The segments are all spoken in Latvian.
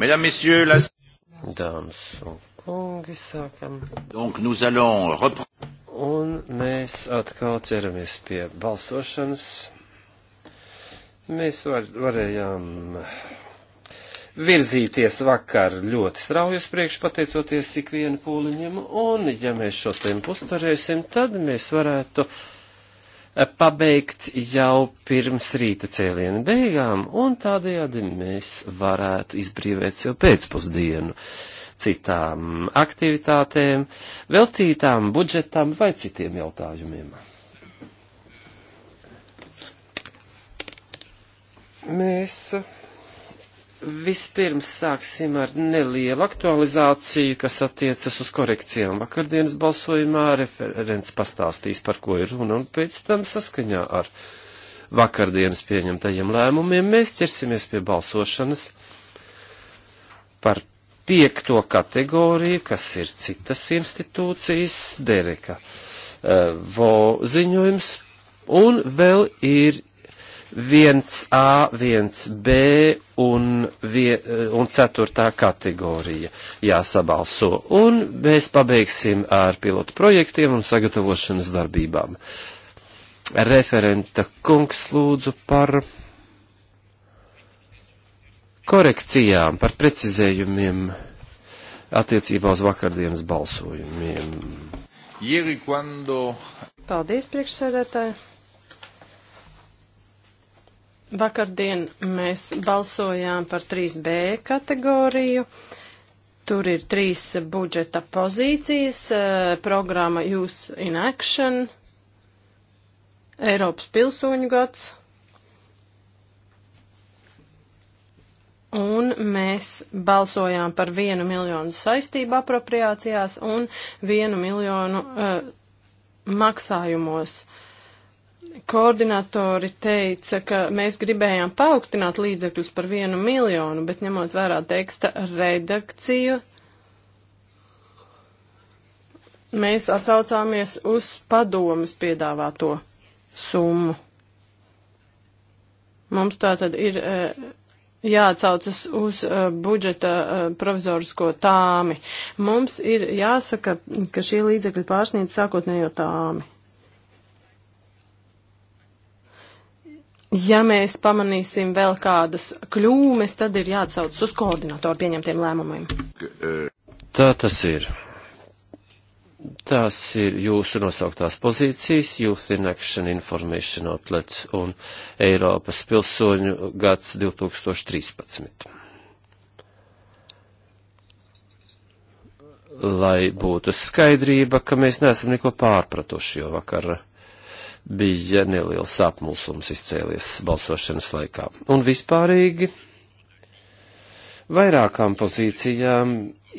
Mesdames, messieurs, la... Dāmas un kungi, sākam. Donc, nous allons repren... Un mēs atkal ķeramies pie balsošanas. Mēs var, varējām virzīties vakar ļoti strauji uz priekšu, pateicoties ikvienu pūliņam, un ja mēs šo tempu uzturēsim, tad mēs varētu uh, pabeigt jau pirms rīta cēliena beigām, un tādējādi mēs varētu izbrīvēt sev pēcpusdienu citām aktivitātēm, veltītām budžetām vai citiem jautājumiem. Mēs Vispirms sāksim ar nelielu aktualizāciju, kas attiecas uz korekcijām. Vakardienas balsojumā referents pastāstīs, par ko ir runa, un pēc tam saskaņā ar vakardienas pieņemtajiem lēmumiem mēs ķersimies pie balsošanas par piekto kategoriju, kas ir citas institūcijas, Dereka eh, Vo ziņojums, un vēl ir 1A, 1B un, vie, un 4. kategorija jāsabalso. Un mēs pabeigsim ar pilotu projektiem un sagatavošanas darbībām. Referenta kungs lūdzu par korekcijām, par precizējumiem attiecībā uz vakardienas balsojumiem. Paldies, priekšsēdētāji! Vakardien mēs balsojām par 3B kategoriju. Tur ir trīs budžeta pozīcijas eh, - programma Youth in Action, Eiropas pilsoņu gads. Un mēs balsojām par vienu miljonu saistību apropriācijās un vienu miljonu uh, maksājumos. Uh, koordinatori teica, ka mēs gribējām paaugstināt līdzekļus par vienu miljonu, bet ņemot vērā teksta redakciju, mēs atsaucāmies uz padomas piedāvāto summu. Mums tā tad ir e, jāatsaucas uz e, budžeta e, provizorisko tāmi. Mums ir jāsaka, ka šie līdzekļi pārsniedz sākotnējo tāmi. ja mēs pamanīsim vēl kādas kļūmes, tad ir jāatsauc uz koordinatoru pieņemtiem lēmumiem. E. Tā tas ir. Tās ir jūsu nosauktās pozīcijas, Youth in Action Information Outlets un Eiropas pilsoņu gads 2013. Lai būtu skaidrība, ka mēs neesam neko pārpratuši jau vakar bija neliels apmulsums izcēlies balsošanas laikā. Un vispārīgi vairākām pozīcijām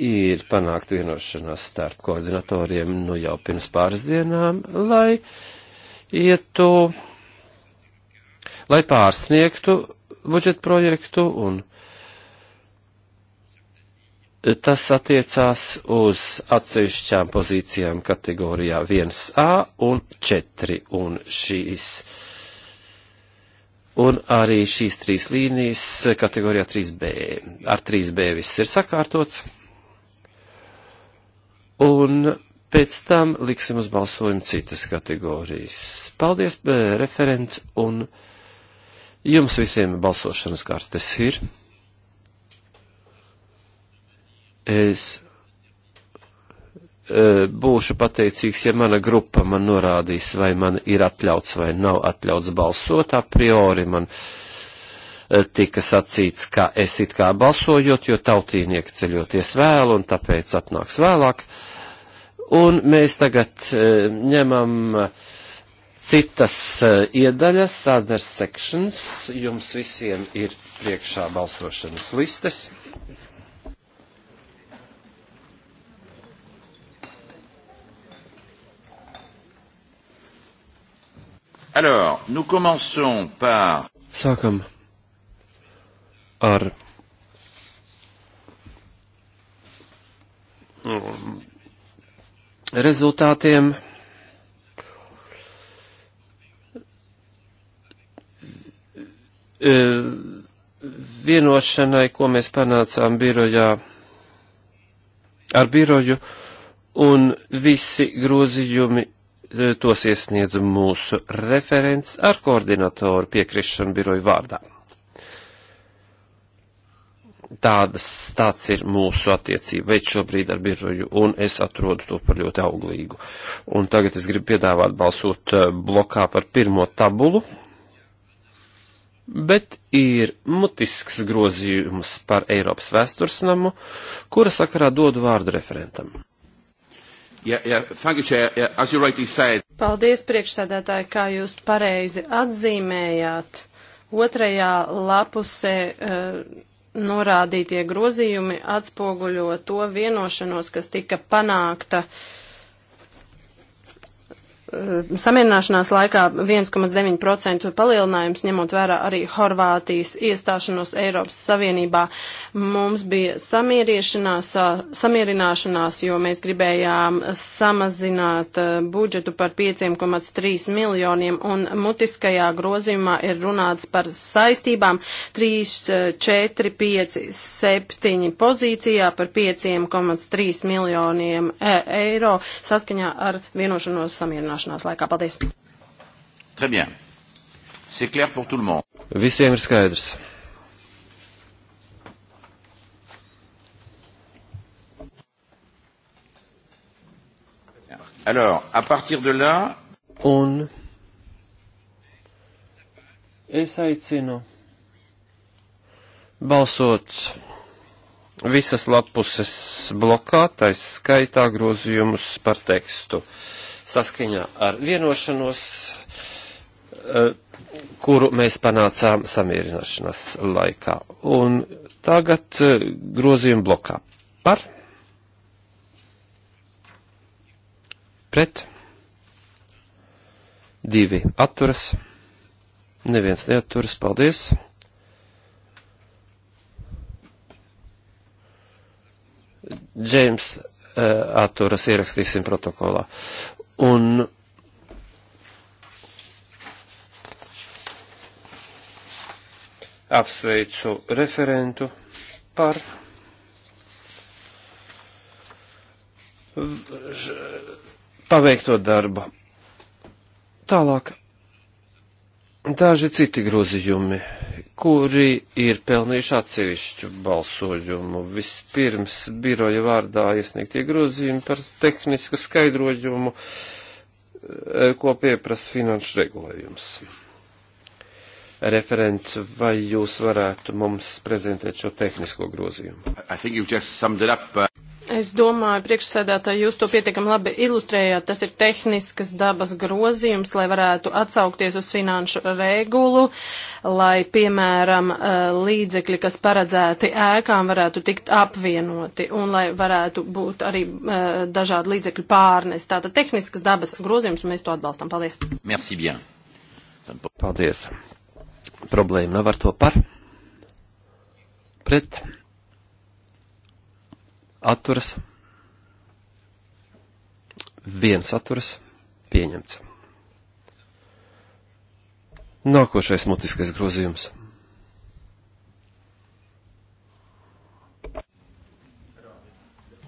ir panākt vienošanās starp koordinatoriem nu jau pirms pāris dienām, lai ietu, lai pārsniegtu budžeta projektu un Tas attiecās uz atsevišķām pozīcijām kategorijā 1A un 4 un šīs. Un arī šīs trīs līnijas kategorijā 3B. Ar 3B viss ir sakārtots. Un pēc tam liksim uz balsojumu citas kategorijas. Paldies, eh, referents, un jums visiem balsošanas kartes ir. Es e, būšu pateicīgs, ja mana grupa man norādīs, vai man ir atļauts vai nav atļauts balsot. A priori man e, tika sacīts, ka es it kā balsojot, jo tautīnieki ceļoties vēl un tāpēc atnāks vēlāk. Un mēs tagad e, ņemam citas iedaļas, other sections. Jums visiem ir priekšā balsošanas listes. Alors, nous commençons par. Sākam ar. Rezultātiem e, vienošanai, ko mēs panācām birojā ar biroju, un visi grozījumi E, tos iesniedz mūsu referents ar koordinatoru piekrišanu biroju vārdā. Tādas, tāds ir mūsu attiecība veids šobrīd ar biroju, un es atrodu to par ļoti auglīgu. Un tagad es gribu piedāvāt balsot e, blokā par pirmo tabulu, bet ir mutisks grozījums par Eiropas vēstursnamu, kura sakarā dodu vārdu referentam. Yeah, yeah. You, As you rightly said. Paldies, priekšsēdētāji, kā jūs pareizi atzīmējāt. Otrajā lapusē uh, norādītie grozījumi atspoguļo to vienošanos, kas tika panākta uh, Ehm, samierināšanās laikā 1,9% palielinājums, ņemot vērā arī Horvātijas iestāšanos Eiropas Savienībā. Mums bija samierināšanās, samierināšanās jo mēs gribējām samazināt budžetu par 5,3 miljoniem, un mutiskajā grozījumā ir runāts par saistībām 3, 4, 5, 7 pozīcijā par 5,3 miljoniem e, eiro saskaņā ar vienošanos samierināšanos uzstāšanās laikā. Paldies! Visiem ir skaidrs. Alors, à partir de là, un es aicinu balsot visas lapuses blokā, taisa skaitā grozījumus par tekstu. Uh, saskaņā ar vienošanos, eh, kuru mēs panācām samierināšanās laikā. Un tagad eh, grozījuma blokā par, pret, divi atturas, neviens neatturas, paldies. Džeims eh, atturas ierakstīsim protokolā. Un apsveicu referentu par paveikto darbu. Tālāk daži citi grozījumi, kuri ir pelnījuši atsevišķu balsojumu. Vispirms biroja vārdā iesniegtie grozījumi par tehnisku skaidrojumu, e, ko pieprasa finanšu regulējums. Referents, vai jūs varētu mums prezentēt šo tehnisko grozījumu? Up, uh... Es domāju, priekšsēdētāji, jūs to pietiekami labi ilustrējāt. Tas ir tehniskas dabas grozījums, lai varētu atsaukties uz finanšu regulu, lai, piemēram, eh, līdzekļi, kas paredzēti ēkām, varētu tikt apvienoti un lai varētu būt arī eh, dažādi līdzekļu pārnes. Tātad tehniskas dabas grozījums, un mēs to atbalstam. Paldies. Merci bien. Paldies. Problēma nav ar to par. Pret atturas, viens atturas, pieņemts. Nākošais mutiskais grozījums.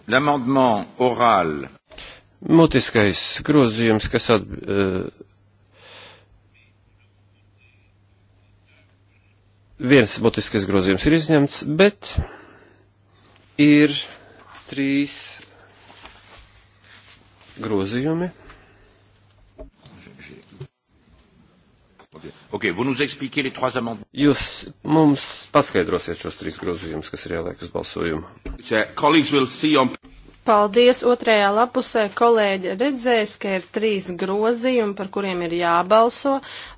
L'amendement oral. Mutiskais grozījums, kas at, uh, viens mutiskais grozījums ir izņemts, bet ir trīs grozījumi. Okay, Jūs mums paskaidrosiet šos trīs grozījumus, kas ir jāliek uz balsojumu. Paldies! Otrajā lapusē kolēģi redzēs, ka ir trīs grozījumi, par kuriem ir jābalso,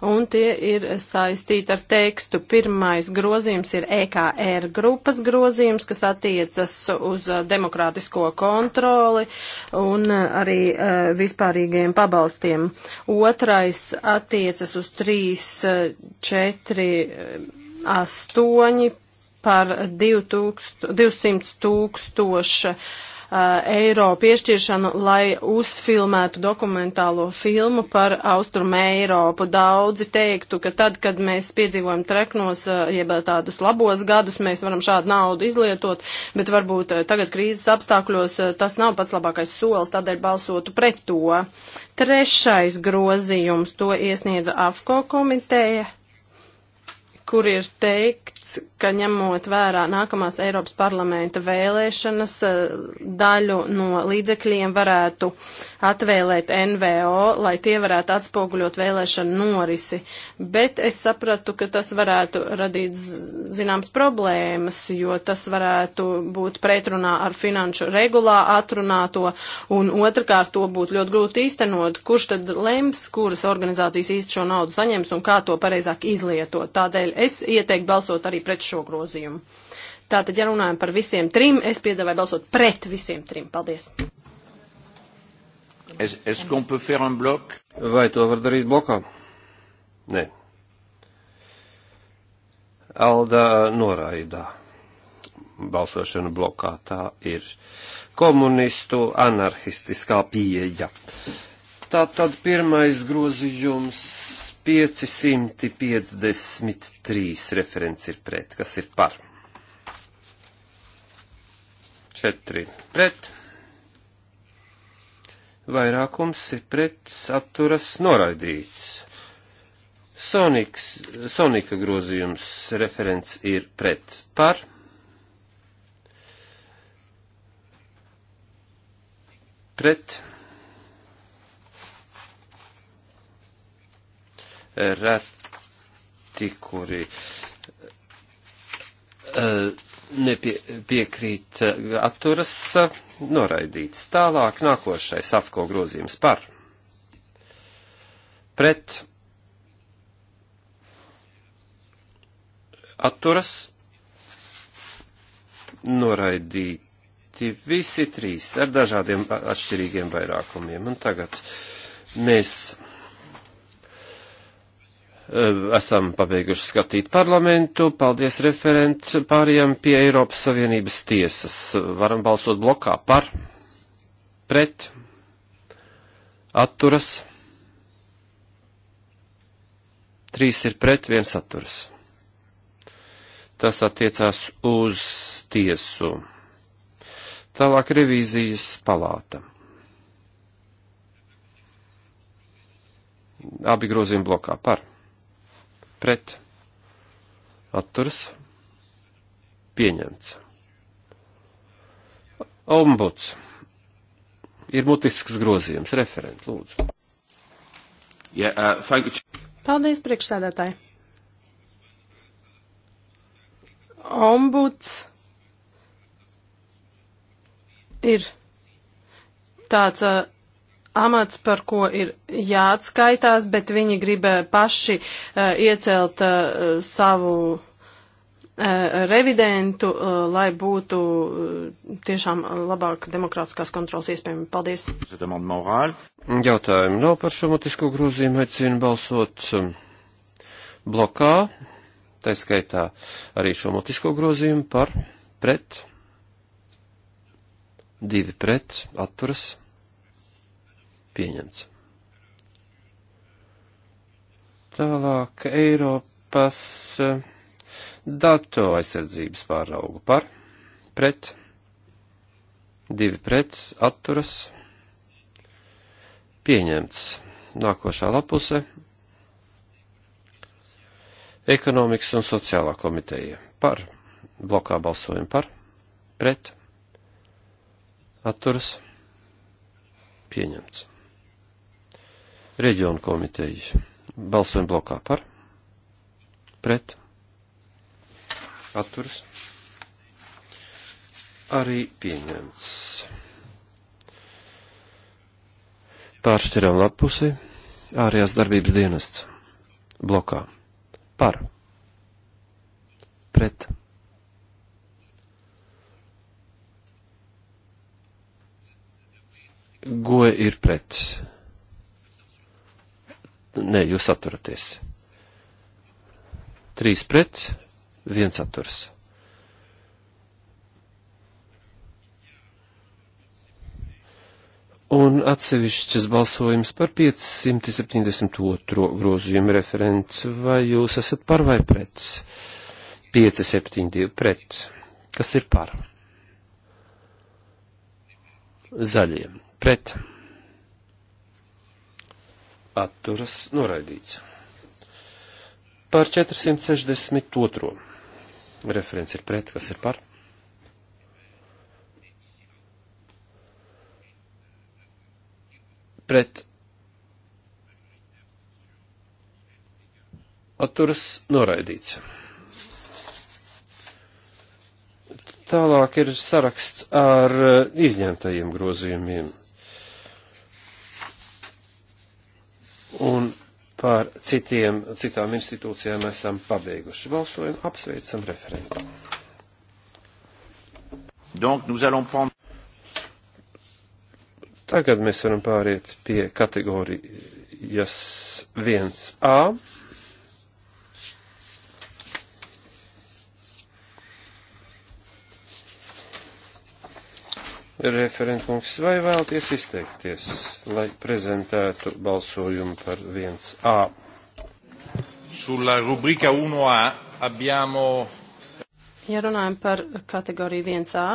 un tie ir saistīti ar tekstu. Pirmais grozījums ir EKR grupas grozījums, kas attiecas uz uh, demokrātisko kontroli un uh, arī uh, vispārīgajiem pabalstiem. Otrais attiecas uz 3, 4, 8 par 2000, 200 tūkstošu Uh, eiro piešķiršanu, lai uzfilmētu dokumentālo filmu par Austrumu Eiropu. Daudzi teiktu, ka tad, kad mēs piedzīvojam treknos, uh, jeb tādus labos gadus, mēs varam šādu naudu izlietot, bet varbūt uh, tagad krīzes apstākļos tas nav pats labākais solis, tādēļ balsotu pret to. Trešais grozījums to iesniedza AFCO komiteja kur ir teikts, ka ņemot vērā nākamās Eiropas parlamenta vēlēšanas, eh, daļu no līdzekļiem varētu atvēlēt NVO, lai tie varētu atspoguļot vēlēšanu norisi. Bet es sapratu, ka tas varētu radīt zināms problēmas, jo tas varētu būt pretrunā ar finanšu regulā atrunāto, un otrkārt to būtu ļoti grūti īstenot, kurš tad lems, kuras organizācijas īsti šo naudu saņems un kā to pareizāk izlietot. Tādēļ Tādēļ es ieteiktu balsot arī pret šo grozījumu. Tātad, ja runājam par visiem trim, es piedāvāju balsot pret visiem trim. Paldies! Es, es Vai to var darīt blokā? Nē. Alda eh, noraidā balsošanu blokā. Tā ir komunistu anarchistiskā pieeja. Tātad pirmais grozījums 553 referents ir pret, kas ir par. 4 pret. Vairākums ir pret saturas noraidīts. Soniks, Sonika grozījums referents ir pret par. Pret. reti, kuri nepiekrīt eh, nepie, eh, atturas eh, noraidīts. Tālāk nākošais afko grozījums par pret atturas noraidīti visi trīs ar dažādiem atšķirīgiem vairākumiem. Un tagad mēs Eh, esam pabeiguši skatīt parlamentu. Paldies referents pārējām pie Eiropas Savienības tiesas. Varam balsot blokā par, pret, atturas. Trīs ir pret, viens atturas. Tas attiecās uz tiesu. Tālāk revīzijas palāta. Abi grozījumi blokā par pret atturas pieņemts. Ombuds ir mutisks grozījums. Referent, lūdzu. Yeah, uh, Paldies, priekšsēdētāji. Ombuds ir tāds uh, amats, par ko ir jāatskaitās, bet viņi gribēja eh, paši uh, iecelt uh, savu revidentu, lai būtu tiešām labāk demokrātiskās kontrols iespējami. Paldies! Jautājumi nav par šo mutisko grozījumu, aicinu balsot um, blokā, tā skaitā arī šo mutisko grozījumu par pret, divi pret, atturas pieņemts. Tālāk Eiropas eh, datu aizsardzības pāraugu par, pret, divi pret, atturas, pieņemts. Nākošā lapuse - ekonomikas un sociālā komiteja par, blokā balsojam par, pret, atturas, pieņemts reģionu komiteju. Balsojam blokā par, pret, atturas, arī pieņemts. Pāršķiram lapusi, ārējās darbības dienests, blokā, par, pret, goja ir pret. Nē, jūs atturaties. Trīs pret, viens atturs. un atsevišķas balsojums par 572. grozījumu referents, vai jūs esat par vai pret? 572 pret. Kas ir par? Zaļiem. Pret atturas noraidīts. Par 462. Referents ir pret, kas ir par. Pret atturas noraidīts. Tālāk ir saraksts ar eh, izņemtajiem grozījumiem. un par citiem, citām institūcijām esam pabeiguši balsojumu. Apsveicam referentu. Donc, nous allons prendre... Tagad mēs varam pāriet pie kategorijas 1A. referentkungs, vai vēlties izteikties, lai prezentētu balsojumu par 1A? Sulla rubrika 1A abbiamo. Ja runājam par kategoriju 1A,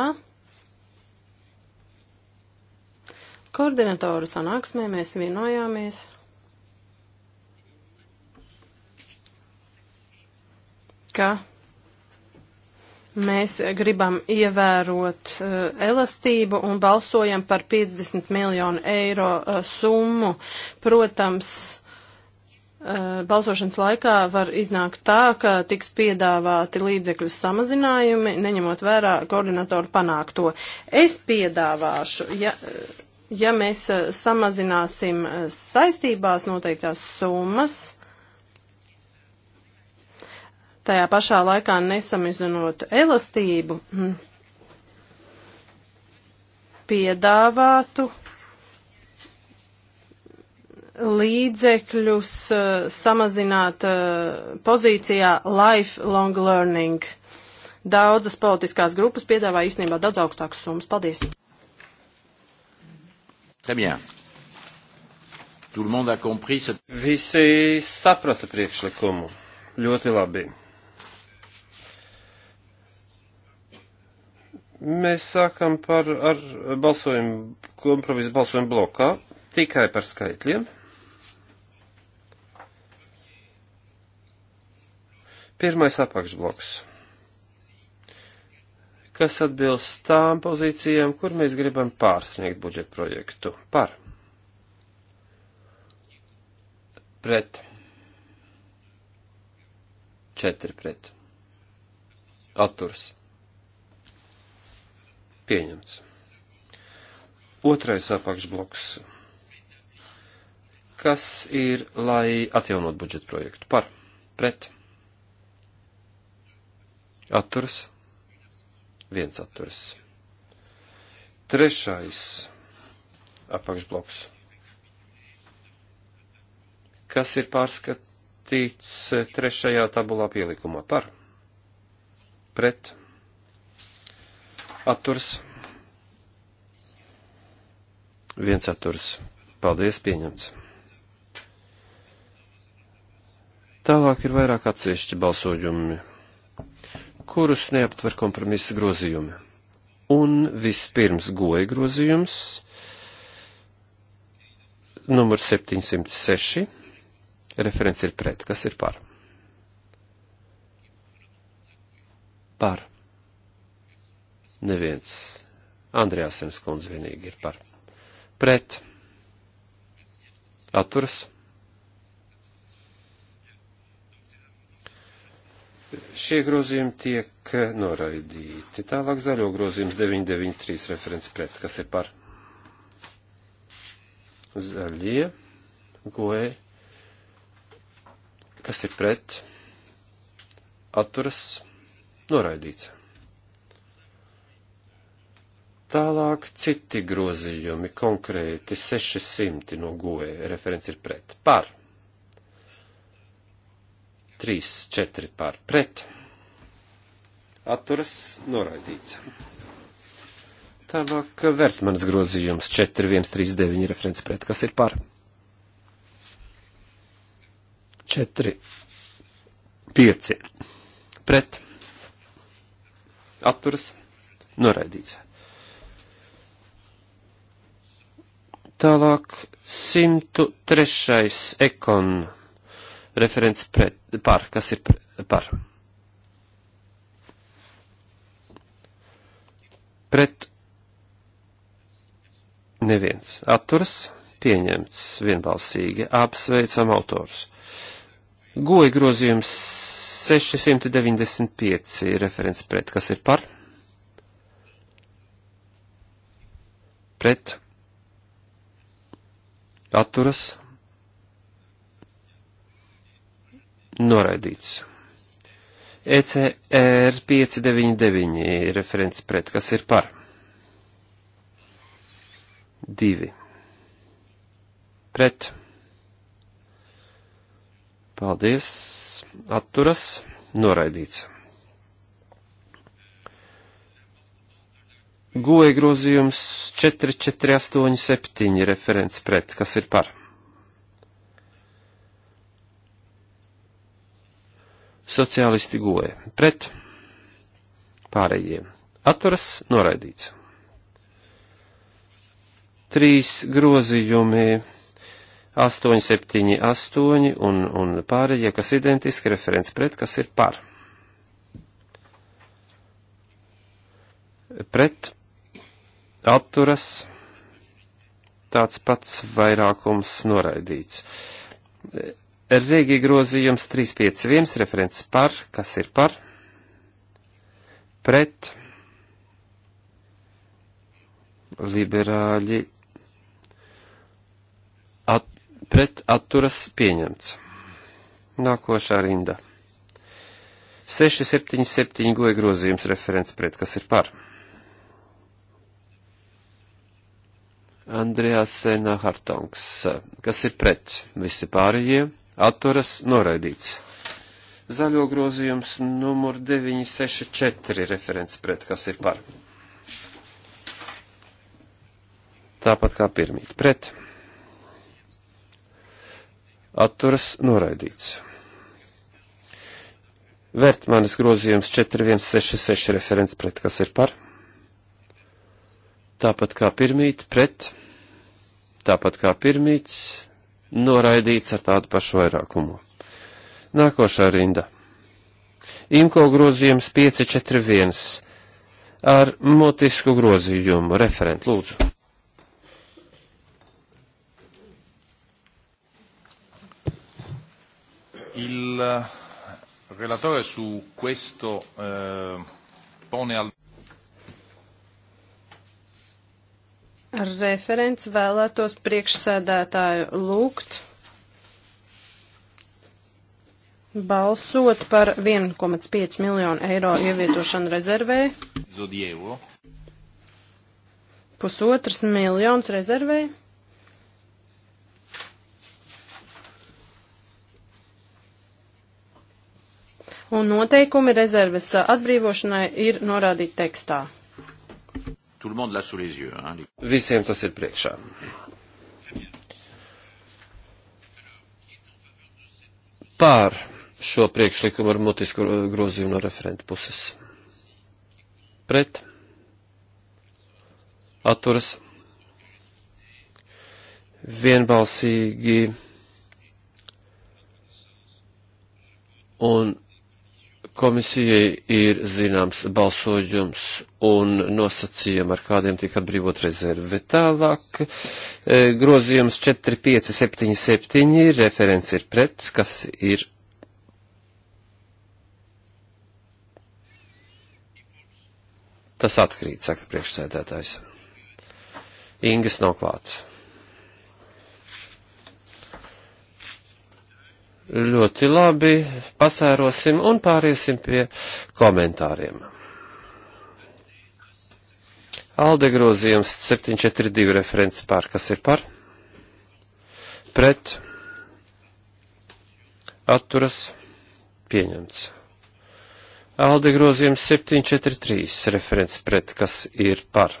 koordinatoru sanāksmē mēs vienojāmies. ka Mēs gribam ievērot uh, elastību un balsojam par 50 miljonu eiro uh, summu. Protams, eh, balsošanas laikā var iznākt tā, ka tiks piedāvāti līdzekļu samazinājumi, neņemot vērā koordinatoru panākto. Es piedāvāšu, ja, ja mēs samazināsim saistībās noteiktās summas, tajā pašā laikā nesamizinot elastību, mm, piedāvātu līdzekļus uh, samazināt uh, pozīcijā lifelong learning. Daudzas politiskās grupas piedāvā īstenībā daudz augstākas summas. Paldies! Très bien. Tout le monde a compris. Visi saprata priekšlikumu. Ļoti labi. Mēs sākam par, ar balsojumu, kompromisu balsojumu blokā, tikai par skaitļiem. Pirmais apakšbloks, kas atbilst tām pozīcijām, kur mēs gribam pārsniegt budžeta projektu. Par. Pret. Četri pret. Atturs Pieņemts. Otrais apakšbloks. Kas ir, lai atjaunot budžetu projektu? Par. Pret. Atturs. Viens atturs. Trešais apakšbloks. Kas ir pārskatīts trešajā tabulā pielikumā par? Pret atturs, viens atturs. Paldies, pieņemts. Tālāk ir vairāk atsevišķi balsojumi, kurus neaptver kompromisa grozījumi. Un vispirms goja grozījums, numur 706, referents ir pret, kas ir par? Par. Neviens. Andrejāsens kundze vienīgi ir par. Pret. Atturas. Šie grozījumi tiek noraidīti. Tālāk zaļo grozījums 993 referents pret, kas ir par zaļie, goe, kas ir pret, atturas, noraidīts. Tālāk citi grozījumi, konkrēti 600 no goē, e, referents ir pret, par, 3, 4 par, pret, atturas noraidīts. Tālāk Vertmanas grozījums 4, 1, 3, 9 referents pret, kas ir par, 4, 5, pret, atturas noraidīts. Tālāk 103. ekon referents pret, par, kas ir par. Pret neviens atturs pieņemts vienbalsīgi, apsveicam autors. Goja grozījums 695 referents pret, kas ir par? Pret atturas noraidīts. E ECR 599 ir referents pret, kas ir par? Divi. Pret. Paldies. Atturas. Noraidīts. Goja grozījums 4487 referents pret, kas ir par. Sociālisti goja pret pārējiem. Atturas noraidīts. Trīs grozījumi 878 un, un pārējie, kas identiski referents pret, kas ir par. Pret atturas tāds pats vairākums noraidīts. Rīgi grozījums 351 referents par, kas ir par, pret, liberāļi, at, pret atturas pieņemts. Nākošā rinda. 677 goja grozījums referents pret, kas ir par. Andrejāsena Hartongs, kas ir pret visi pārējie, atturas noraidīts. Zaļo grozījums numur 964 referents pret, kas ir par. Tāpat kā pirmīt pret. Atturas noraidīts. Vērtmanis grozījums 4166 referents pret, kas ir par tāpat kā pirmīt pret tāpat kā pirmīts, noraidīts ar tādu pašu vairākumu. Nākošā rinda. Imko grozījums 541 ar motisku grozījumu. Referent, lūdzu. Il eh, relatore su questo eh, pone al Referents vēlētos priekšsēdētāju lūgt balsot par 1,5 miljonu eiro ievietošanu rezervē. Zodievo. Pusotras miljonus rezervē. Un noteikumi rezerves atbrīvošanai ir norādīti tekstā. Visiem tas ir priekšā. Pār šo priekšlikumu ar mutisku grozījumu no referenta puses. Pret. Atturas. Vienbalsīgi. Un Komisijai ir zināms balsojums un nosacījumi, ar kādiem tika atbrīvot rezervi. Tālāk e, grozījums 4577, referents ir pret, kas ir. Tas atkrīt, saka priekšsēdētājs. Ingas nav klāts. Ļoti labi, pasērosim un pāriesim pie komentāriem. Alde grozījums 742 referents par, kas ir par, pret, atturas, pieņemts. Alde grozījums 743 referents pret, kas ir par.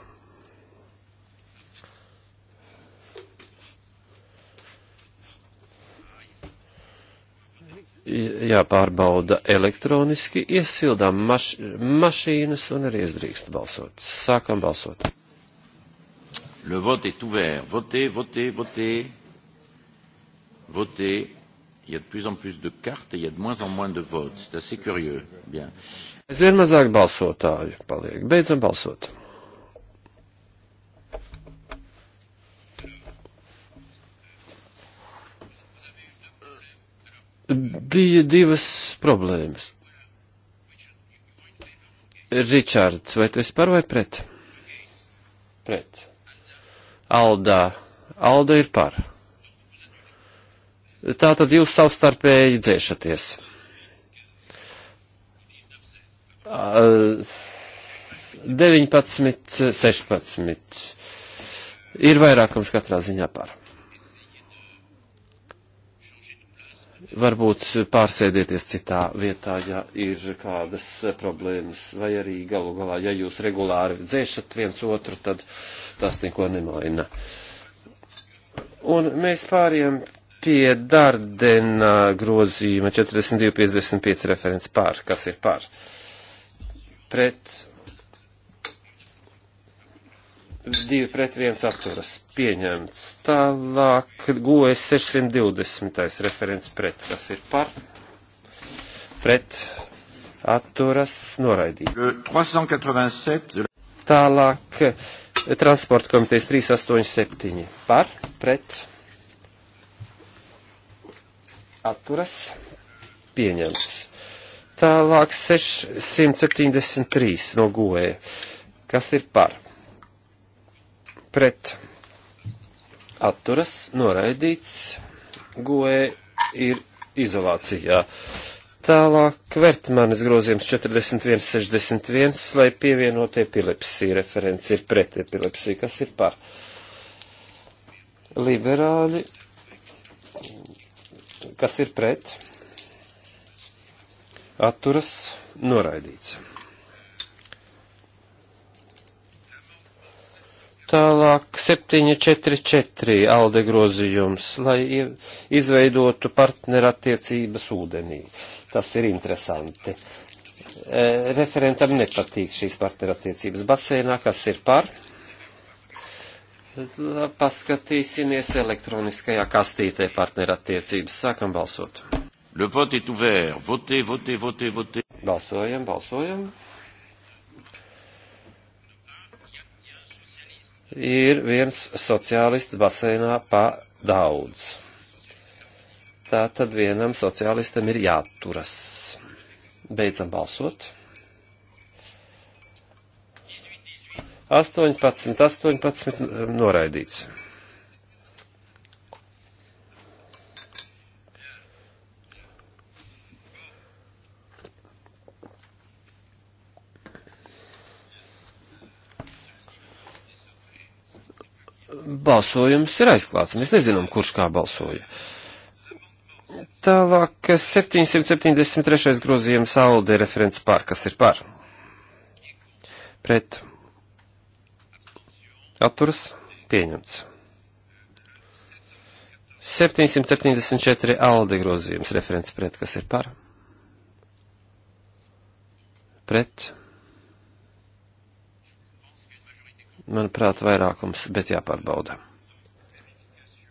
jāpārbauda elektroniski, iesildām maš mašīnas un arī izdrīkst balsot. Sākam balsot. Le vote est ouvert. Votez, votez, votez. Votez. Il y a de plus en plus de cartes et il y a de moins en moins de votes. C'est assez curieux. Bien. Es vien mazāk balsotāju paliek. Beidzam balsot. bija divas problēmas. Ričards, vai tu esi par vai pret? Pret. Aldā. Alda ir par. Tā tad jūs savstarpēji dzēšaties. Uh, 19, 16. Ir vairākums katrā ziņā par. varbūt pārsēdieties citā vietā, ja ir kādas problēmas, vai arī galu galā, ja jūs regulāri dzēšat viens otru, tad tas neko nemaina. Un mēs pāriem pie Dardena grozījuma 42.55 referents pār, kas ir pār. Pret 2 pret 1 atturas pieņemts. Tālāk gojas 620. referents pret, kas ir par pret atturas noraidīt. 387. Tālāk transporta komitejas 387 par pret atturas pieņemts. Tālāk 673 no goja, kas ir par pret atturas noraidīts, goe ir izolācijā. Tālāk Vertmanis grozījums 4161, lai pievienot epilepsiju, referents ir pret epilepsiju, kas ir par liberāļi, kas ir pret, atturas noraidīts. Tālāk 744 alde grozījums, lai izveidotu partnerattiecības ūdenī. Tas ir interesanti. E, referentam nepatīk šīs partnerattiecības basēnā, kas ir par. Paskatīsimies elektroniskajā kastītē partnerattiecības. Sākam balsot. Le vote est ouvert. Votez, votez, votez, votez. Balsojam, balsojam. ir viens sociālists baseinā pa daudz. Tā tad vienam sociālistam ir jāturas. Beidzam balsot. 18, 18 noraidīts. balsojums ir aizklāts. Mēs nezinām, kurš kā balsoja. Tālāk 773. Eh, grozījums Alde referents par, kas ir par. Pret. Atturs pieņemts. 774 Alde grozījums referents pret, kas ir par. Pret. manuprāt, vairākums, bet jāpārbauda.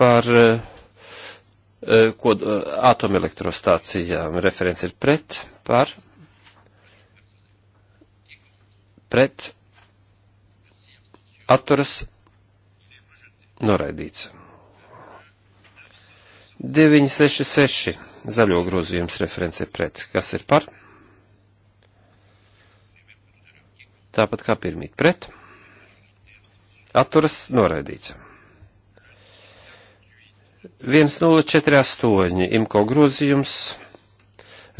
par eh, eh, kod, eh, atomelektrostācijām. Referents ir pret, par, pret, atturas, noraidīts. 966 zaļo grozījums referents ir pret, kas ir par. Tāpat kā pirmīt pret, atturas, noraidīts. 1048 imko grozījums,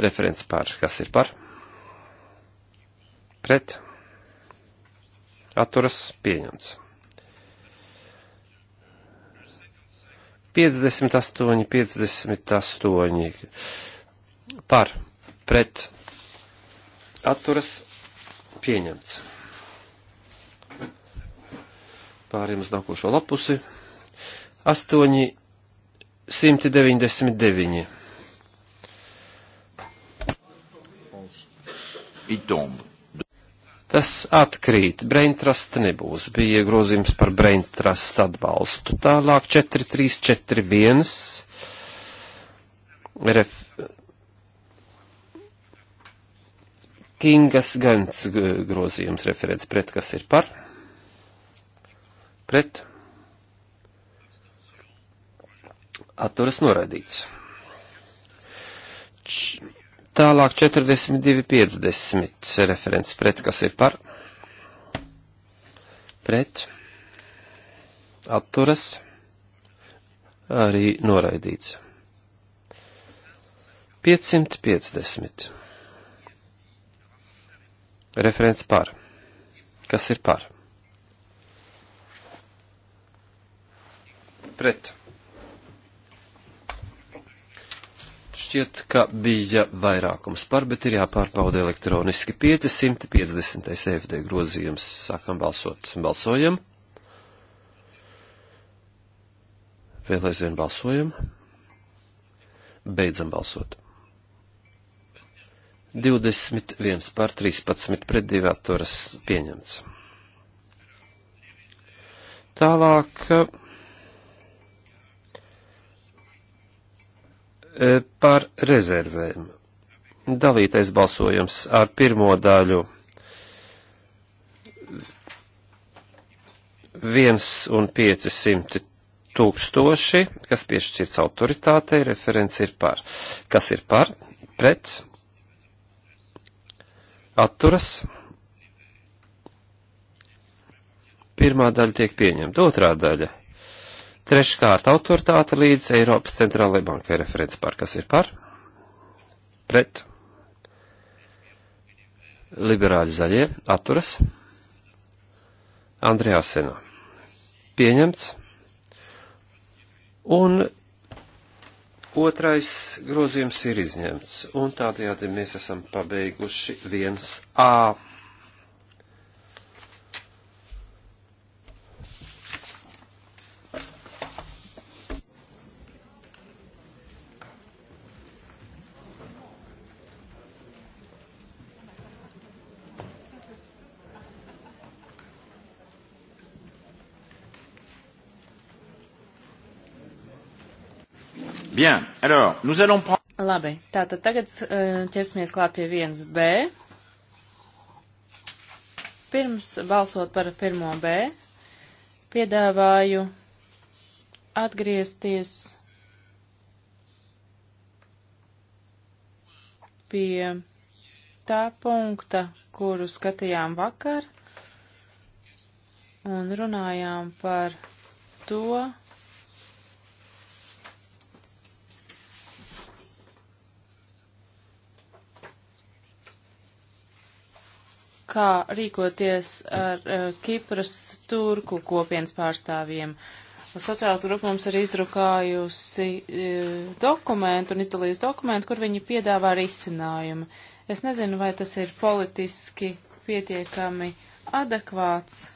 referents pār, kas ir par, pret, atturas pieņemts. 58, 58 par, pret, atturas pieņemts. Pāriem uz nākošo lapusi. 8, 199. Tas atkrīt, braintrust nebūs, bija grozījums par braintrust atbalstu. Tālāk 4341, ref, Kingas Gants grozījums referents pret, kas ir par, pret, atturas noraidīts. Č tālāk 42.50 referents pret, kas ir par, pret, atturas, arī noraidīts. 550. Referents par. Kas ir par? Pret. šķiet, ka bija vairākums par, bet ir jāpārbauda elektroniski 550. FD grozījums. Sākam balsot. Balsojam. Vēl aizvien balsojam. Beidzam balsot. 21 pār 13 pret 2 atturas pieņemts. Tālāk E, par rezervēm. Dalītais balsojums ar pirmo daļu viens un piecisimti tūkstoši, kas piešķirts autoritātei, referents ir par. Kas ir par? Pret? Atturas? Pirmā daļa tiek pieņemta, otrā daļa Treškārt, autoritāte līdz Eiropas centrālajai bankai referents par, kas ir par, pret, liberāļi zaļie, atturas, Andrijāsena, pieņemts, un otrais grozījums ir izņemts, un tādējādi mēs esam pabeiguši viens A. Bien, alors, nous allons prendre. Labi, tātad tagad eh, ķersimies klāt pie 1B. Pirms balsot par pirmo B, piedāvāju atgriezties pie tā punkta, kuru skatījām vakar, un runājām par to, kā rīkoties ar uh, Kipras turku kopienas pārstāvjiem. Sociālās grupa mums ir izdrukājusi uh, dokumentu un izdalījusi dokumentu, kur viņi piedāvā risinājumu. Es nezinu, vai tas ir politiski pietiekami adekvāts.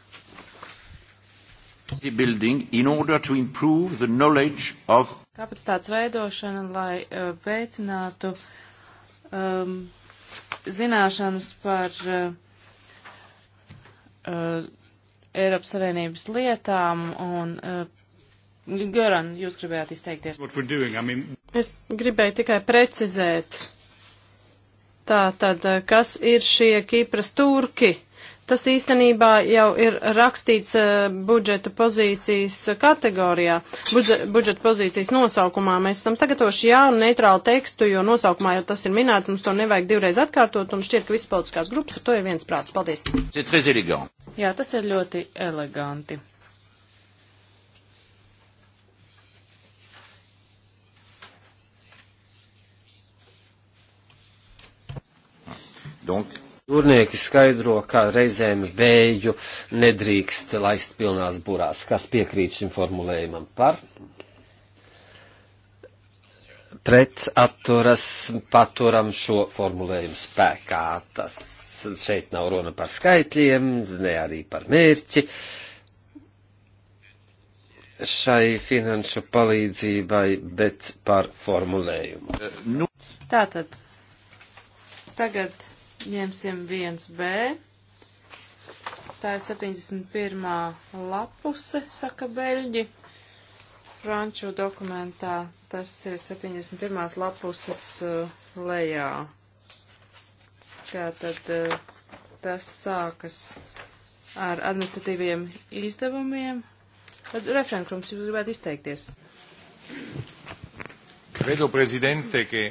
Of... Kapacitātes veidošana, lai uh, veicinātu um, zināšanas par uh, uh, Eiropas Savienības lietām un uh, Göran, jūs gribējāt izteikties. Doing, I mean... Es gribēju tikai precizēt. Tā tad, uh, kas ir šie Kipras turki? Uh, Tas īstenībā jau ir rakstīts eh, budžeta pozīcijas kategorijā, budžeta pozīcijas nosaukumā. Mēs esam sagatavojuši jaunu neitrālu tekstu, jo nosaukumā jau tas ir minēts, mums to nevajag divreiz atkārtot, un šķiet, ka visas politiskās grupas ar to ir viens prāts. Paldies! Jā, tas ir ļoti eleganti. Donc, Jūrnieki skaidro, ka reizēm vēju nedrīkst laist pilnās burās. Kas piekrīt šim formulējumam par? Pret atturas paturam šo formulējumu spēkā. Tas šeit nav runa par skaitļiem, ne arī par mērķi. Šai finanšu palīdzībai, bet par formulējumu. Nu. Tātad, tagad Ņemsim 1B. Tā ir 71. lapuse, saka Beļģi. Franču dokumentā tas ir 71. lapuses uh, lejā. Tātad uh, tas sākas ar administratīviem izdevumiem. Tad referenkrums jūs gribētu izteikties. Credo, prezidente, ka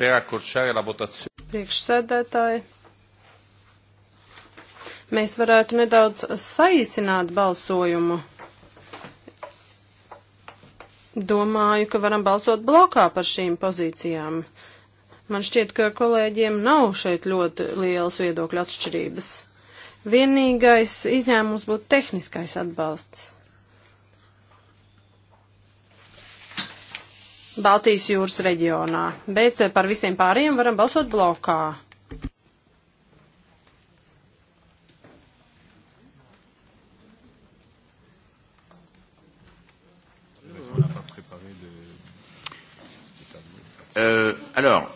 per accorciare la votazione. Priekšsēdētāji, mēs varētu nedaudz saīsināt balsojumu. Domāju, ka varam balsot blokā par šīm pozīcijām. Man šķiet, ka kolēģiem nav šeit ļoti lielas viedokļa atšķirības. Vienīgais izņēmums būtu tehniskais atbalsts. Baltijas jūras reģionā, bet eh, par visiem pāriem varam balsot blokā. Uh, alors.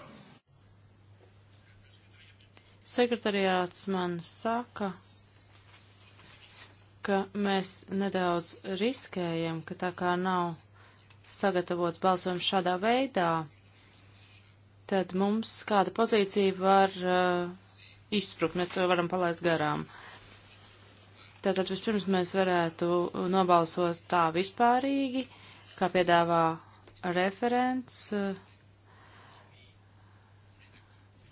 Sekretariāts man saka, ka mēs nedaudz riskējam, ka tā kā nav sagatavots balsojums šādā veidā, tad mums kāda pozīcija var uh, izsprukt, mēs to varam palaist garām. Tātad vispirms mēs varētu nobalsot tā vispārīgi, kā piedāvā referents.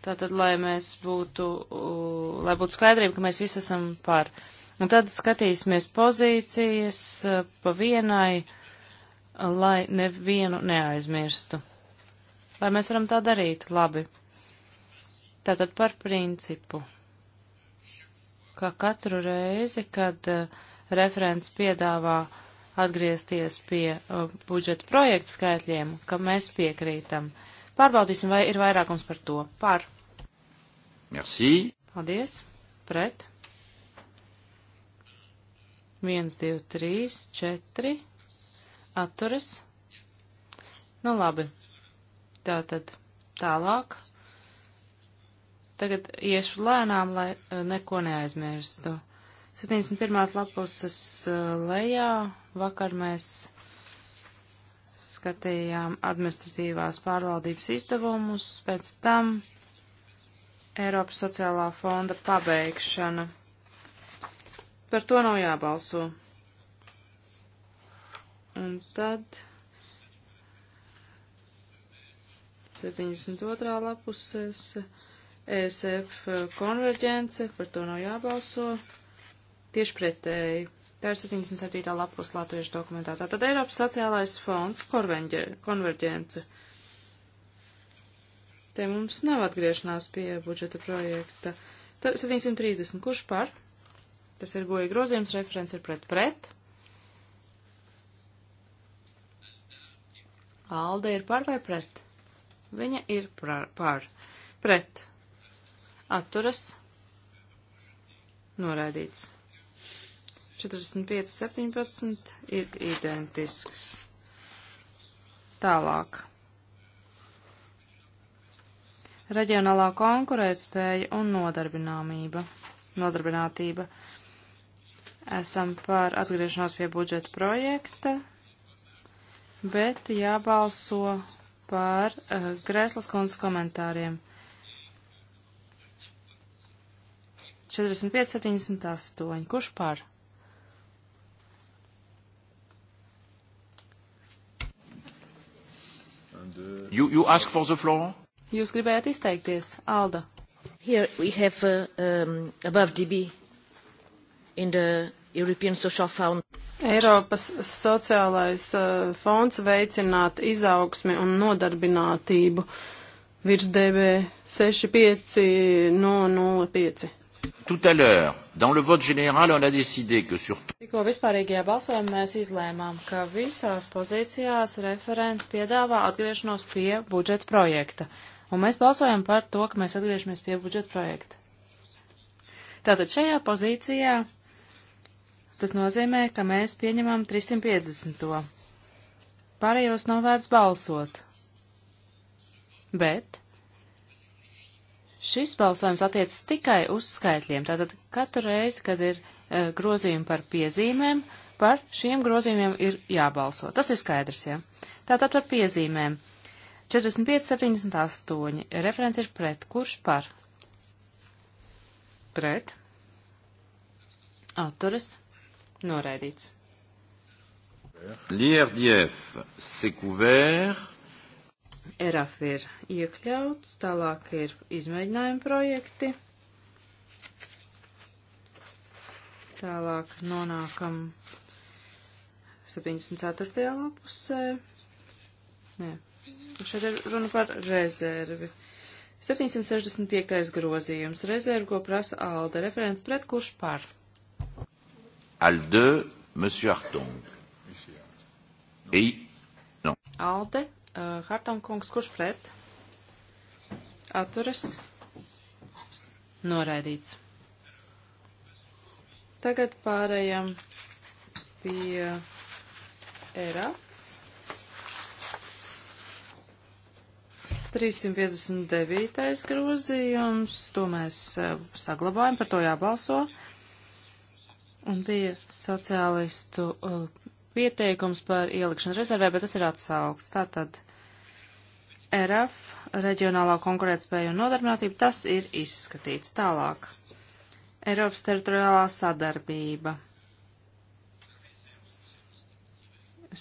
Tātad, lai mēs būtu, uh, lai būtu skaidrība, ka mēs visi esam par. Un tad skatīsimies pozīcijas uh, pa vienai. Uh, lai nevienu neaizmirstu. Vai mēs varam tā darīt? Labi. Tātad par principu, ka katru reizi, kad uh, referents piedāvā atgriezties pie uh, budžeta projekta skaitļiem, ka mēs piekrītam. Pārbaudīsim, vai ir vairākums par to. Par. Merci. Paldies. Pret. 1, 2, 3, 4 atturas. Nu, labi. Tātad tālāk. Tagad iešu lēnām, lai eh, neko neaizmirstu. 71. lapuses eh, lejā vakar mēs skatījām administratīvās pārvaldības izdevumus, pēc tam Eiropas sociālā fonda pabeigšana. Par to nav jābalso. Un tad 72. lapusēs ESF konverģence, par to nav jābalso. Tieši pretēji. Tā ir 77. lapus latviešu dokumentā. Tātad Eiropas sociālais fonds konverģence. Te mums nav atgriešanās pie budžeta projekta. Tad 730. Kurš par? Tas ir goja grozījums, referents ir pret pret. Alde ir par vai pret? Viņa ir par. par. Pret. Atturas. Noraidīts. 45, 17 ir identisks. Tālāk. Reģionālā konkurētspēja un nodarbināmība. Nodarbinātība. Esam par atgriešanos pie budžeta projekta bet jābalso par uh, Grēslas kundzes komentāriem. 45, 78. Kurš par? You, you ask for the floor? Jūs gribējāt izteikties, Alda. Here we have uh, um, above DB in the European Social Fund. Eiropas sociālais uh, fonds veicinātu izaugsmi un nodarbinātību virs DB 6505. Tout à l'heure, dans le vote général, on a décidé que sur Tikko vispārīgajā balsojumā mēs izlēmām, ka visās pozīcijās referents piedāvā atgriešanos pie budžeta projekta. Un mēs balsojam par to, ka mēs atgriežamies pie budžeta projekta. Tātad šajā pozīcijā Tas nozīmē, ka mēs pieņemam 350. Pārējos nav vērts balsot. Bet šis balsojums attiecas tikai uz skaitļiem. Tātad katru reizi, kad ir uh, grozījumi par piezīmēm, par šiem grozījumiem ir jābalso. Tas ir skaidrs, jā. Ja? Tātad par piezīmēm. 45, 78. Referents ir pret. Kurš par? Pret. Atturas. Noraidīts. L'IRDF Sekuvēr. ERAF ir iekļauts, tālāk ir izmēģinājuma projekti. Tālāk nonākam 74. lapusē. Nē, šeit ir runa par rezervi. 765. grozījums. Rezervu, ko prasa Alda. Referents pret kurš par? ALDE, Monsieur Hartong. Ei, no. ALDE, uh, Hartong kungs, kurš pret? Atturas. Noraidīts. Tagad pārējām pie ERA. 359. grozījums, to mēs eh, saglabājam, par to jābalso. Un bija sociālistu uh, pieteikums par ielikšanu rezervē, bet tas ir atsaukts. Tātad RF, reģionālā konkurētspēja un nodarbinātība, tas ir izskatīts tālāk. Eiropas teritoriālā sadarbība.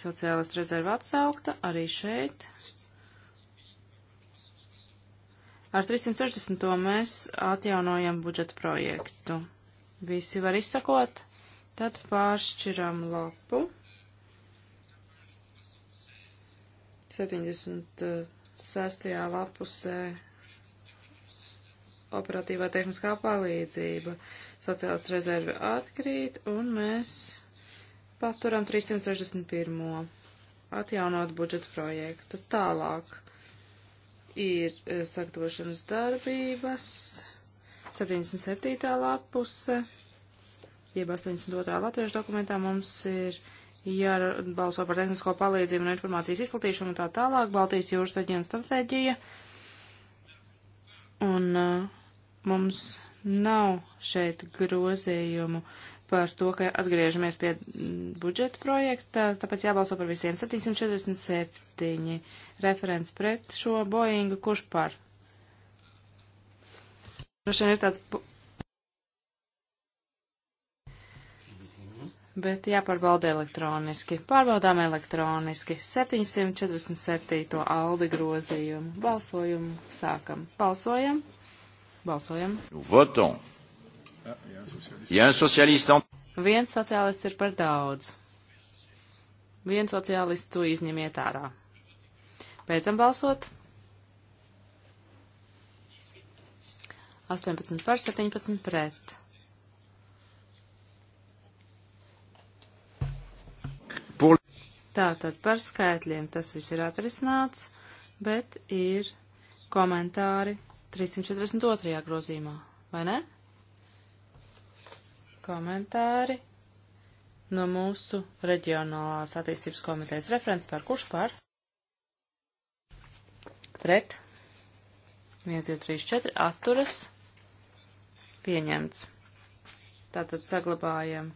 Sociālistu rezerva atsaukta arī šeit. Ar 360. mēs atjaunojam budžeta projektu. Visi var izsakot. Tad pāršķiram lapu. 76. lapusē operatīvā tehniskā palīdzība. Sociālās rezerve atkrīt un mēs paturam 361. atjaunot budžeta projektu. Tālāk ir eh, sagatavošanas darbības. 77. lapuse jeb 82. latviešu dokumentā mums ir jābalso par tehnisko palīdzību un informācijas izplatīšanu un tā tālāk, Baltijas jūras reģiona stratēģija. Un uh, mums nav šeit grozījumu par to, ka atgriežamies pie budžeta projekta, tāpēc jābalso par visiem 747 referents pret šo Boeingu, kurš par. Droši vien ir tāds bet jāpārbauda elektroniski. Pārbaudām elektroniski 747. aldi grozījumu. Balsojumu sākam. Balsojam. Balsojam. Voton. Ja sociālisti. Viens sociālists ir par daudz. Viens sociālistu izņemiet ārā. Beidzam balsot. 18 par 17 pret. Tātad par skaitļiem tas viss ir atrisināts, bet ir komentāri 342. grozīmā, vai ne? Komentāri no mūsu reģionālās attīstības komitejas referents par kurš par? Pret 1, 2, 3, 4 atturas pieņemts. Tātad saglabājam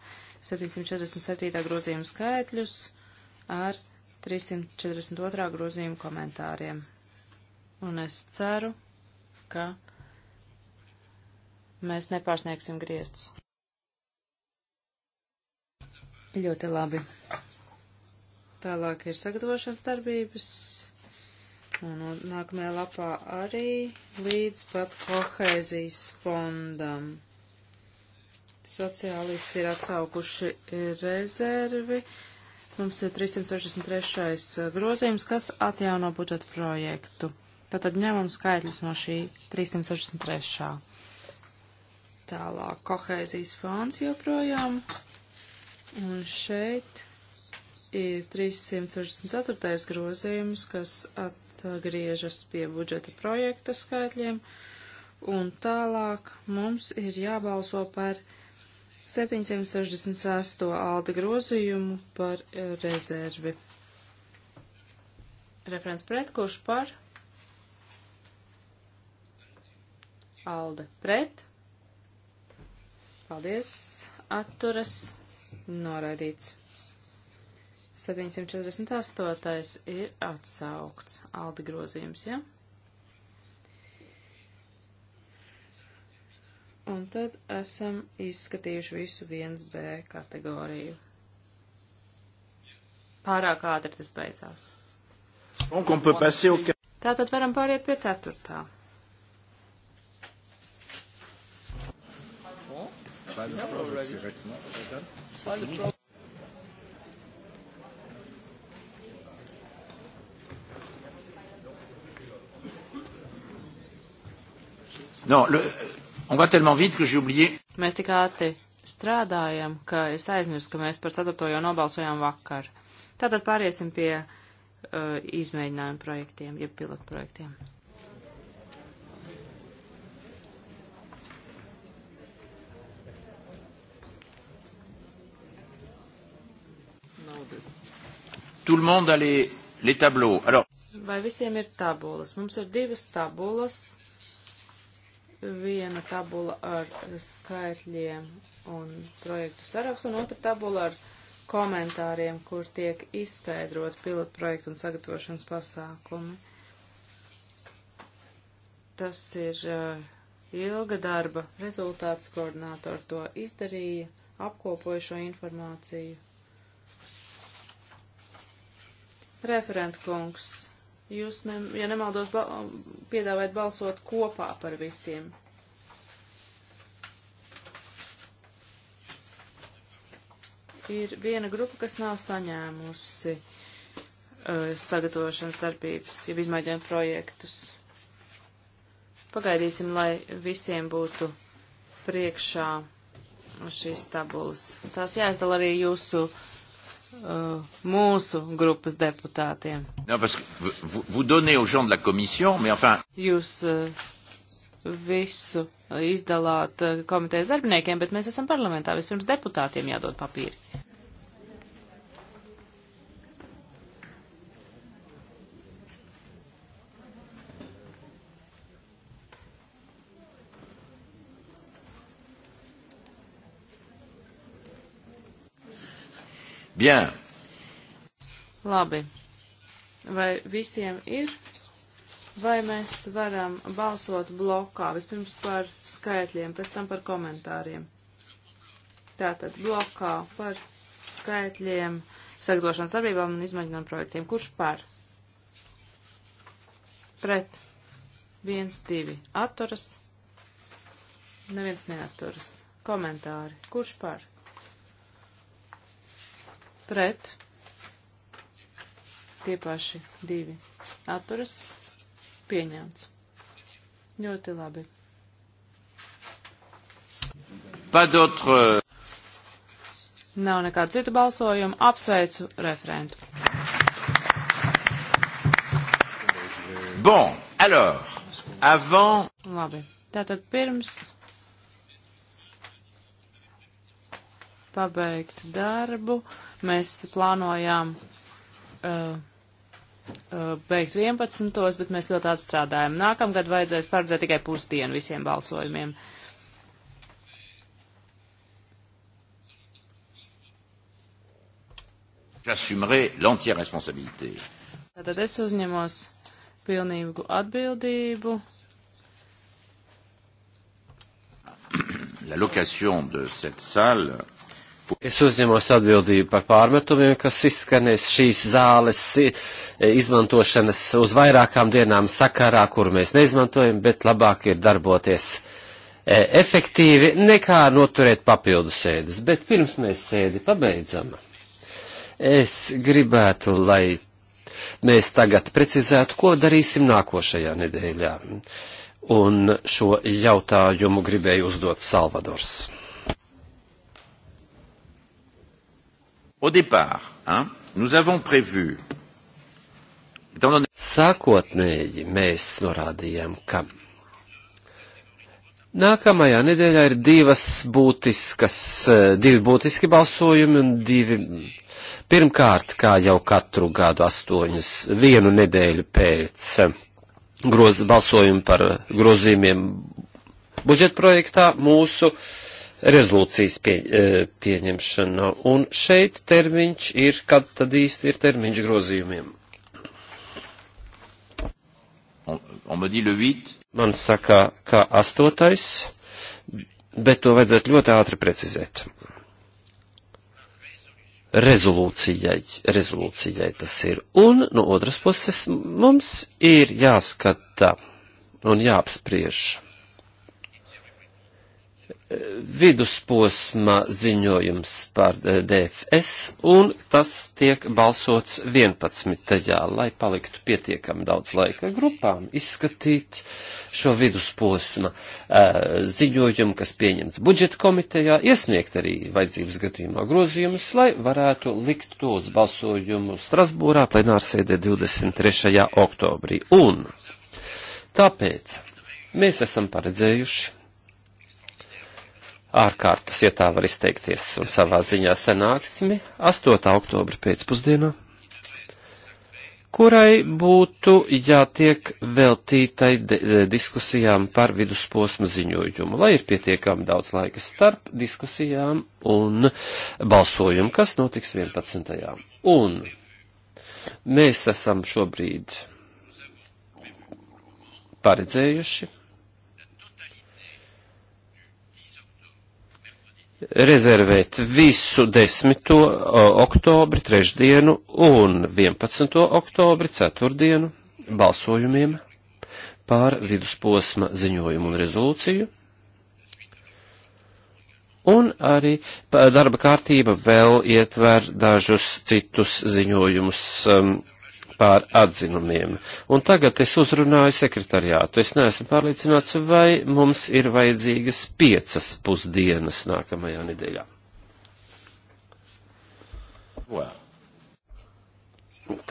747. grozījumu skaitļus ar 342. grozījumu komentāriem. Un es ceru, ka mēs nepārsniegsim griestus. Ļoti labi. Tālāk ir sagatavošanas darbības. Un nākamajā lapā arī līdz pat kohēzijas fondam. Sociālisti ir atsaukuši rezervi Mums ir 363. Eh, grozījums, kas atjauno budžeta projektu. Tātad ņemam skaitļus no šī 363. Tālāk kohēzijas fonds joprojām. Un šeit ir 364. grozījums, kas atgriežas pie budžeta projekta skaitļiem. Un tālāk mums ir jābalso par 768 alda grozījumu par eh, rezervi. Referents pret, kurš par? Alda pret. Paldies. Atturas. Noraidīts. 748 ir atsaukts. Alda grozījums, ja? un tad esam izskatījuši visu 1B kategoriju. Pārāk ātri tas beidzās. Tātad varam pāriet pie ceturtā. Oh, Non, le, On va tellement vite, ka j'ai oublié. Mēs tik ātri strādājam, ka es aizmirsu, ka mēs par ceturto jau nobalsojām vakar. Tātad pāriesim pie uh, izmēģinājumu projektiem, jeb pilotu projektiem. Tout le monde a les, les tableaux. Alors... Vai visiem ir tabulas? Mums ir divas tabulas viena tabula ar skaitļiem un projektu sarakstu, un otra tabula ar komentāriem, kur tiek izskaidrot pilotu projektu un sagatavošanas pasākumi. Tas ir uh, ilga darba rezultāts, koordinātori to izdarīja, apkopoja šo informāciju. Referentkungs Jūs, ne, ja nemaldos, ba piedāvājat balsot kopā par visiem. Ir viena grupa, kas nav saņēmusi uh, sagatavošanas darbības, jau izmaiņojam projektus. Pagaidīsim, lai visiem būtu priekšā šīs tabulas. Tās jāizdala arī jūsu uh, uh, mūsu grupas deputātiem. No, vous, vous mais enfin... Jūs uh, visu izdalāt uh, komitejas darbiniekiem, bet mēs esam parlamentā, vispirms deputātiem jādod papīri. Bien. Labi. Vai visiem ir? Vai mēs varam balsot blokā? Vispirms par skaitļiem, pēc tam par komentāriem. Tātad blokā par skaitļiem, sagatavošanas darbībām un izmēģinājumu projektiem. Kurš par? Pret. Viens, divi. Atturas. Neviens neatturas. Komentāri. Kurš par? pret, tie paši divi atturas, pieņemts. Ļoti labi. Padot. Nav nekādu citu balsojumu. Apsveicu referentu. Bon, alors, avant. Labi. Tātad pirms pabeigt darbu. Mēs plānojām uh, uh, beigt 11. bet mēs ļoti atstrādājam. Nākamgad vajadzēs paredzēt tikai pusdienu visiem balsojumiem. Tātad es uzņemos pilnīgu atbildību. La location de cette salle Es uzņemos atbildību par pārmetumiem, kas izskanēs šīs zāles e, izmantošanas uz vairākām dienām sakarā, kur mēs neizmantojam, bet labāk ir darboties e, efektīvi nekā noturēt papildu sēdes. Bet pirms mēs sēdi pabeidzam, es gribētu, lai mēs tagad precizētu, ko darīsim nākošajā nedēļā. Un šo jautājumu gribēju uzdot Salvadors. Au départ, hein, nous avons prévu. Sākotnēji mēs norādījām, ka nākamajā nedēļā ir divas būtiskas, divi būtiski balsojumi un divi. Pirmkārt, kā jau katru gadu astoņas, vienu nedēļu pēc groz, balsojumu par grozījumiem budžetprojektā mūsu uh, rezolūcijas pie, e, pieņemšanā. Un šeit termiņš ir, kad tad īsti ir termiņš grozījumiem. On, on Man saka, ka astotais, bet to vajadzētu ļoti ātri precizēt. Rezolūcijai, rezolūcijai tas ir. Un no otras puses mums ir jāskata un jāapspriež vidusposma ziņojums par eh, DFS, un tas tiek balsots 11. lai paliktu pietiekami daudz laika grupām izskatīt šo vidusposma eh, ziņojumu, kas pieņemts budžeta komitejā, iesniegt arī vajadzības gadījumā grozījumus, lai varētu likt to uz balsojumu Strasbūrā plenārsēdē 23. oktobrī. Un tāpēc mēs esam paredzējuši ārkārtas, ja tā var izteikties, un savā ziņā sanāksmi 8. oktobra pēcpusdienā, kurai būtu jātiek veltītai e, diskusijām par vidusposma ziņojumu, lai ir pietiekami daudz laika starp diskusijām un balsojumu, kas notiks 11. Un mēs esam šobrīd paredzējuši rezervēt visu 10. oktobri, trešdienu un 11. oktobri, ceturtdienu balsojumiem pār vidusposma ziņojumu un rezolūciju. Un arī darba kārtība vēl ietver dažus citus ziņojumus. Um, pār atzinumiem. Un tagad es uzrunāju sekretariātu. Es neesmu pārliecināts, vai mums ir vajadzīgas piecas pusdienas nākamajā nedēļā. Wow.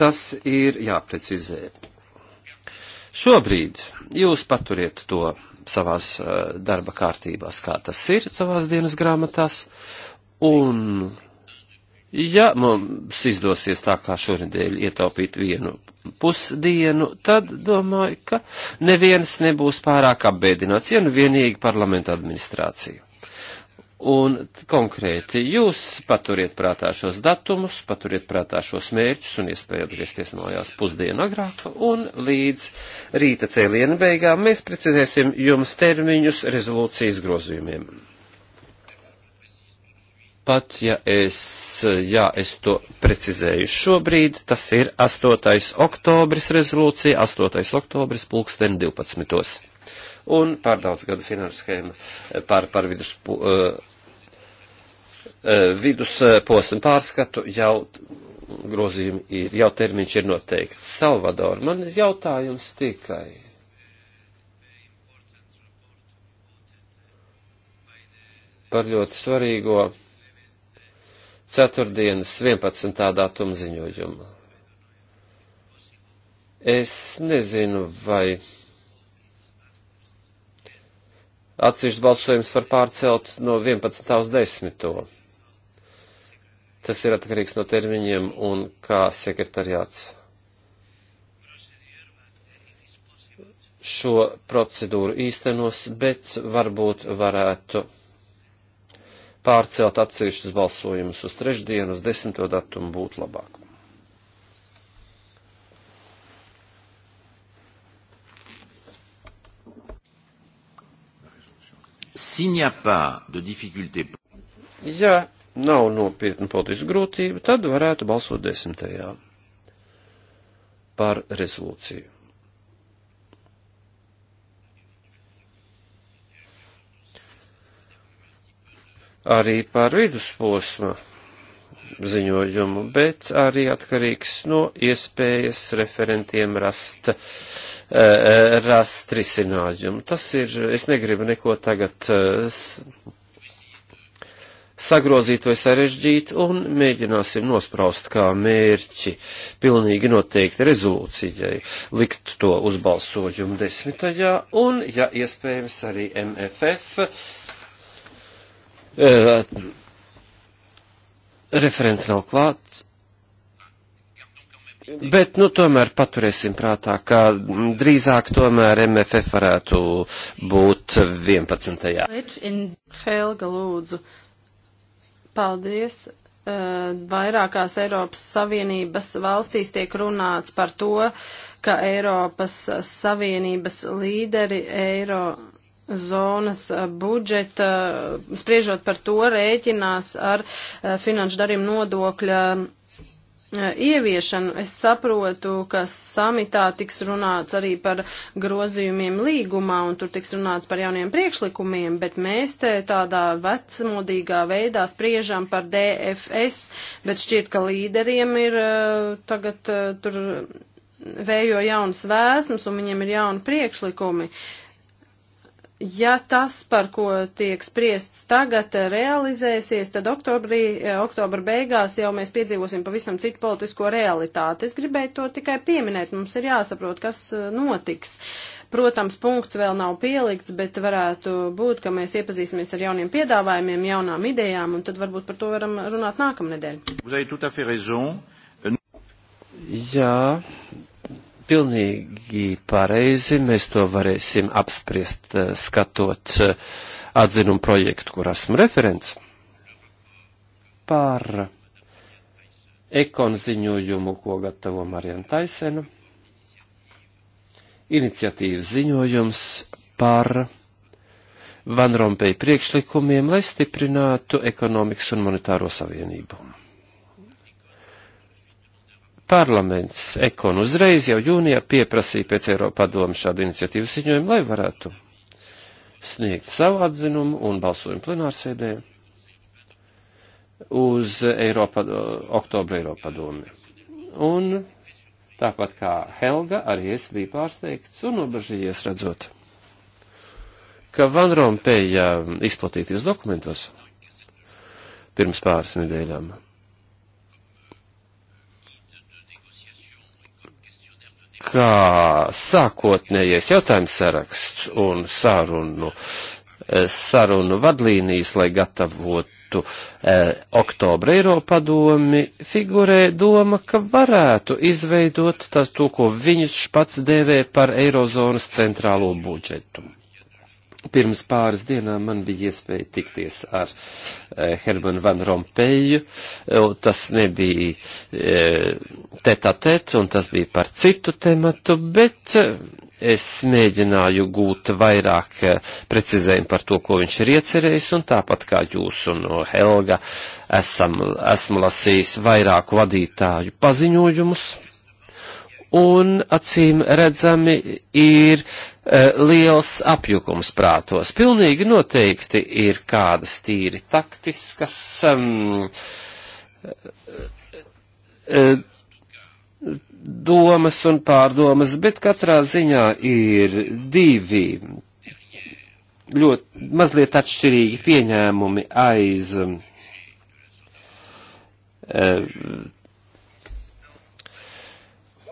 Tas ir jāprecizē. Šobrīd jūs paturiet to savās eh, darba kārtībās, kā tas ir savās dienas grāmatās, un Ja mums izdosies tā kā šonadēļ ietaupīt vienu pusdienu, tad domāju, ka neviens nebūs pārāk apbēdināts, ja nu vienīgi parlamenta administrācija. Un konkrēti, jūs paturiet prātā šos datumus, paturiet prātā šos mērķus un iespēju atgriezties mājās pusdienu agrāk, un līdz rīta cēliena beigām mēs precizēsim jums termiņus rezolūcijas grozījumiem. Pat ja es, jā, es to precizēju šobrīd, tas ir 8. oktobris rezolūcija, 8. oktobris pulksten 12. Un pār daudz gadu finanšu schēmu, pār, pār vidus, vidus posmu pārskatu jau grozījumi ir, jau termiņš ir noteikts. Salvador, man ir jautājums tikai. Par ļoti svarīgo ceturtdienas 11. datuma ziņojumu. Es nezinu, vai atsevišķi balsojums var pārcelt no 11. uz 10. Tas ir atkarīgs no termiņiem un kā sekretariāts šo procedūru īstenos, bet varbūt varētu pārcelt atsevišķus balsojumus uz trešdienu, uz desmito datumu būtu labāk. Ja nav nopietna politiska grūtība, tad varētu balsot desmitajā par rezolūciju. arī par vidusposma ziņojumu, bet arī atkarīgs no iespējas referentiem rast, eh, eh, rast risinājumu. Tas ir, es negribu neko tagad eh, sagrozīt vai sarežģīt un mēģināsim nospraust kā mērķi pilnīgi noteikti rezolūcijai, likt to uz balsojumu desmitajā un, ja iespējams, arī MFF Uh, referents nav klāts. Bet, nu, tomēr paturēsim prātā, ka drīzāk tomēr MFF varētu būt 11. Helga, lūdzu, paldies. Eh, vairākās Eiropas Savienības valstīs tiek runāts par to, ka Eiropas Savienības līderi Eiro zonas eh, budžeta, spriežot par to, rēķinās ar eh, finanšu darījumu nodokļa eh, ieviešanu. Es saprotu, ka samitā tiks runāts arī par grozījumiem līgumā un tur tiks runāts par jauniem priekšlikumiem, bet mēs te tādā vecmodīgā veidā spriežam par DFS, bet šķiet, ka līderiem ir tagad tur vējo jaunas vēsmas un viņiem ir jauni priekšlikumi. Uh, ja tas, par ko tiek spriests tagad, realizēsies, tad oktobrī, eh, oktobra beigās jau mēs piedzīvosim pavisam citu politisko realitāti. Es gribēju to tikai pieminēt, mums ir jāsaprot, kas eh, notiks. Protams, punkts vēl nav pielikts, bet varētu būt, ka mēs iepazīsimies ar jauniem piedāvājumiem, jaunām idejām, un tad varbūt par to varam runāt nākamnedēļ. Jā, pilnīgi pareizi. Mēs to varēsim apspriest, eh, skatot eh, atzinumu projektu, kur esmu referents. Par ekonziņojumu, ko gatavo Marijana Taisena. Iniciatīvas ziņojums par Van Rompēja priekšlikumiem, lai stiprinātu ekonomikas un monetāro savienību. Parlaments ekon uzreiz jau jūnijā pieprasīja pēc Eiropa padomu šādu iniciatīvu ziņojumu, lai varētu sniegt savu atzinumu un balsojumu plenārsēdē uz Eiropa, oktobra Eiropa domi. Un tāpat kā Helga, arī es biju pārsteigts un nobažījies redzot, ka Van Rompēja um, izplatīties dokumentos pirms pāris nedēļām kā sākotnējais jautājums saraksts un sarunu, eh, sarunu vadlīnijas, lai gatavotu eh, oktobra Eiropadomi, figurē doma, ka varētu izveidot tas to, ko viņus pats dēvē par Eirozonas centrālo budžetu. Pirms pāris dienām man bija iespēja tikties ar e, eh, Hermanu Van Rompeju, tas nebija e, eh, teta tet, un tas bija par citu tematu, bet eh, es mēģināju gūt vairāk precizējumu par to, ko viņš ir iecerējis, un tāpat kā jūs un Helga esam, esmu lasījis vairāku vadītāju paziņojumus un acīm redzami ir e, liels apjukums prātos. Pilnīgi noteikti ir kādas tīri taktiskas um, e, domas un pārdomas, bet katrā ziņā ir divi ļoti mazliet atšķirīgi pieņēmumi aiz e,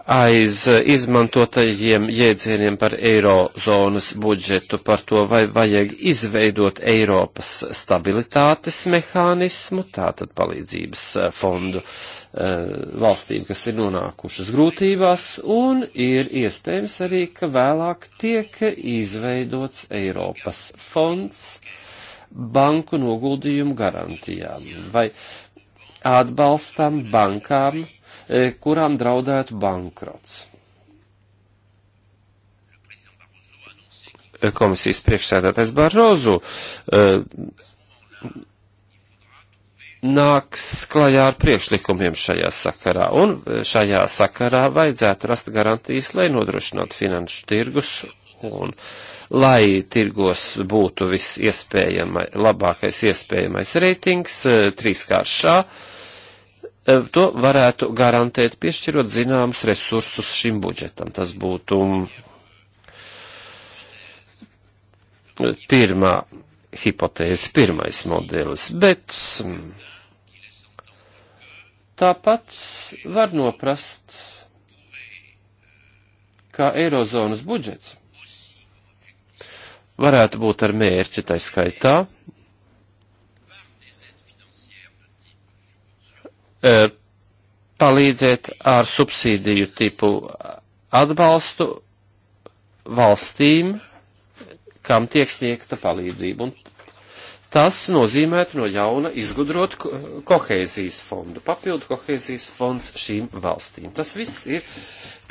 aiz izmantotajiem jēdzieniem par eirozonas budžetu, par to, vai vajag izveidot Eiropas stabilitātes mehānismu, tātad palīdzības eh, fondu eh, valstīm, kas ir nonākušas grūtībās, un ir iespējams arī, ka vēlāk tiek izveidots Eiropas fonds banku noguldījumu garantijām vai atbalstam bankām, E, kurām draudētu bankrots. E, komisijas priekšsēdētājs Barozu e, nāks klajā ar priekšlikumiem šajā sakarā, un šajā sakarā vajadzētu rast garantijas, lai nodrošinātu finanšu tirgus un lai tirgos būtu viss iespējamais, labākais iespējamais reitings, trīskāršā, uh, E, to varētu garantēt, piešķirot zināmus resursus šim budžetam. Tas būtu pirmā hipotēze, pirmais modelis. Bet tāpat var noprast, kā Eirozonas budžets varētu būt ar mērķi, tā skaitā, E, palīdzēt ar subsīdiju tipu atbalstu valstīm, kam tiek sniegta palīdzība. Un tas nozīmētu no jauna izgudrot kohēzijas fondu, papildu kohēzijas fonds šīm valstīm. Tas viss ir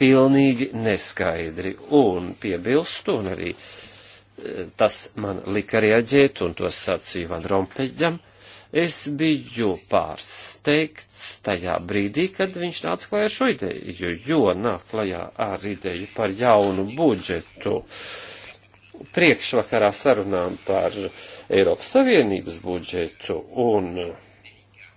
pilnīgi neskaidri un piebilstu, un arī e, tas man lika rieģēt, un to sacīju Van Rompeģam, Es biju pārsteigts tajā brīdī, kad viņš nāca klajā ar šo ideju, jo nāk klajā ar ideju par jaunu budžetu. Priekšvakarā sarunām par Eiropas Savienības budžetu un uh,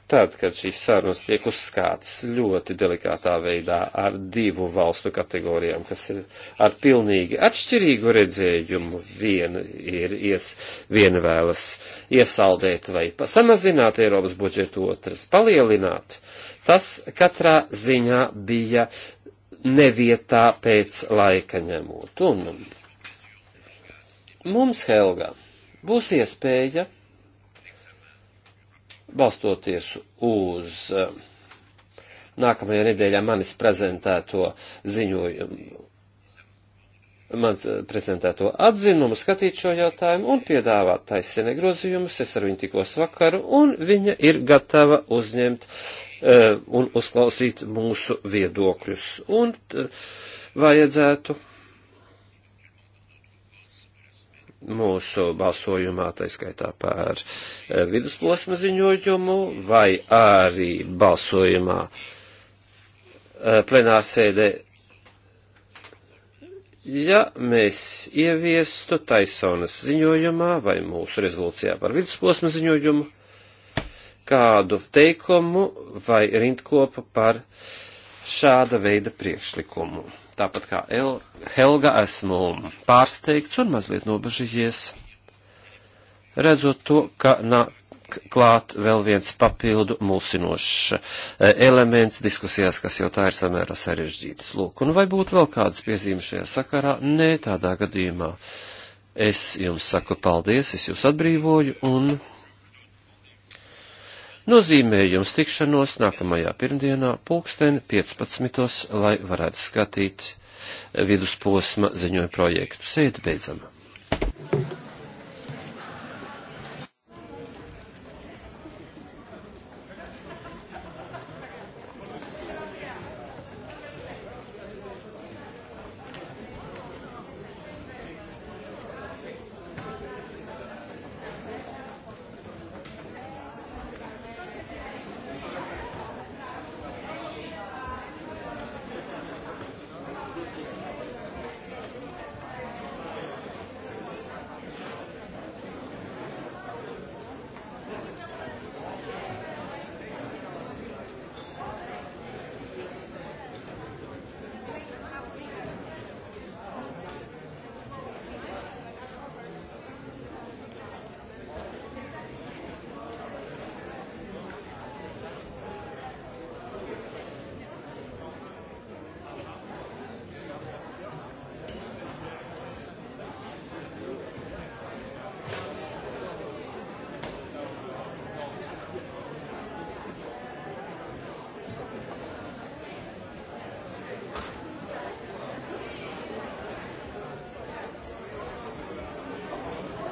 tad, kad šīs sarunas tiek uzskātas ļoti delikātā veidā ar divu valstu kategorijām, kas ir ar pilnīgi atšķirīgu redzējumu, viena ir ies, viena vēlas iesaldēt vai samazināt Eiropas budžetu, otras palielināt, tas katrā ziņā bija nevietā pēc laika ņemot. Un mums, Helga, būs iespēja balstoties uz eh, nākamajā nedēļā manis prezentēto ziņojumu, mans eh, prezentēto atzinumu, skatīt šo jautājumu un piedāvāt taisnē grozījumus. Es ar viņu tikos vakaru, un viņa ir gatava uzņemt uh, un uzklausīt mūsu viedokļus. Un uh, vajadzētu mūsu balsojumā, taiskaitā pār eh, vidusposma ziņojumu, vai arī balsojumā eh, plenārsēdē. Ja mēs ieviestu Taisonas ziņojumā vai mūsu rezolūcijā par vidusposma ziņojumu kādu teikumu vai rindkopu par šāda veida priekšlikumu tāpat kā El Helga, esmu pārsteigts un mazliet nobežījies, redzot to, ka nāk klāt vēl viens papildu mulsinošs eh, elements diskusijās, kas jau tā ir samērā sarežģītas. Lūk, un vai būtu vēl kādas piezīmes šajā sakarā? Nē, tādā gadījumā. Es jums saku paldies, es jūs atbrīvoju un nozīmējums tikšanos nākamajā pirmdienā pulksten 15. lai varētu skatīt vidusposma ziņoja projektu. Sēdi beidzam!